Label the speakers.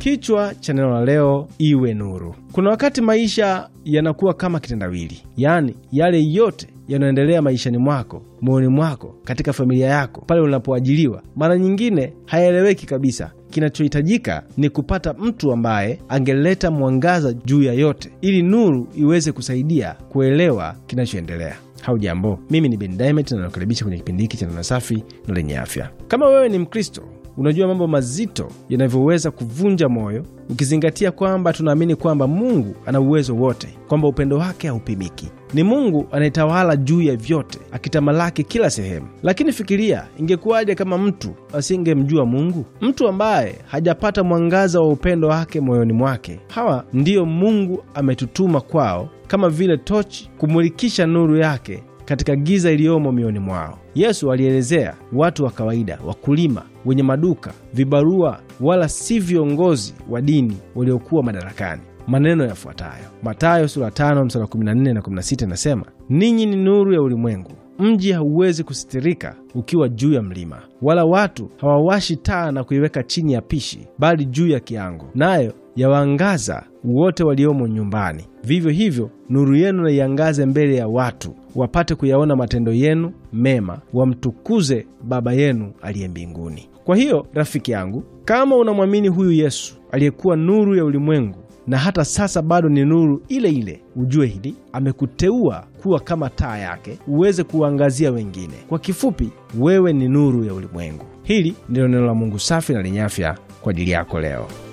Speaker 1: Kichwa cha neno la leo, iwe nuru. Kuna wakati maisha yanakuwa kama kitendawili, yaani yale yote yanayoendelea maishani mwako, moyoni mwako, katika familia yako, pale unapoajiliwa, mara nyingine hayaeleweki kabisa. Kinachohitajika ni kupata mtu ambaye angeleta mwangaza juu ya yote, ili nuru iweze kusaidia kuelewa kinachoendelea. hau jambo mimi ni Ben Diamond na nakukaribisha kwenye kipindi hiki cha neno safi na lenye afya. Kama wewe ni Mkristo unajua mambo mazito yanavyoweza kuvunja moyo, ukizingatia kwamba tunaamini kwamba Mungu ana uwezo wote, kwamba upendo wake haupimiki. Ni Mungu anayetawala juu ya vyote, akitamalaki kila sehemu. Lakini fikiria, ingekuwaje kama mtu asingemjua Mungu, mtu ambaye hajapata mwangaza wa upendo wake moyoni mwake? Hawa ndiyo Mungu ametutuma kwao, kama vile tochi kumulikisha nuru yake katika giza iliyomo mioni mwao. Yesu alielezea watu wa kawaida, wakulima, wenye maduka, vibarua, wala si viongozi wa dini waliokuwa madarakani maneno yafuatayo. Mathayo sura tano mstari kumi na nne na kumi na sita inasema, ninyi ni nuru ya ulimwengu. Mji hauwezi kusitirika ukiwa juu ya mlima, wala watu hawawashi taa na kuiweka chini ya pishi, bali juu ya kiango, nayo yawaangaza wote waliomo nyumbani. Vivyo hivyo nuru yenu naiangaze mbele ya watu, wapate kuyaona matendo yenu mema, wamtukuze Baba yenu aliye mbinguni. Kwa hiyo rafiki yangu, kama unamwamini huyu Yesu aliyekuwa nuru ya ulimwengu na hata sasa bado ni nuru ile ile, ujue hili, amekuteua kuwa kama taa yake uweze kuangazia wengine. Kwa kifupi, wewe ni nuru ya ulimwengu. Hili ndilo neno la Mungu safi na lenye afya kwa ajili yako leo.